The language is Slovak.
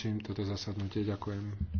Čím toto zasadnutie ďakujem.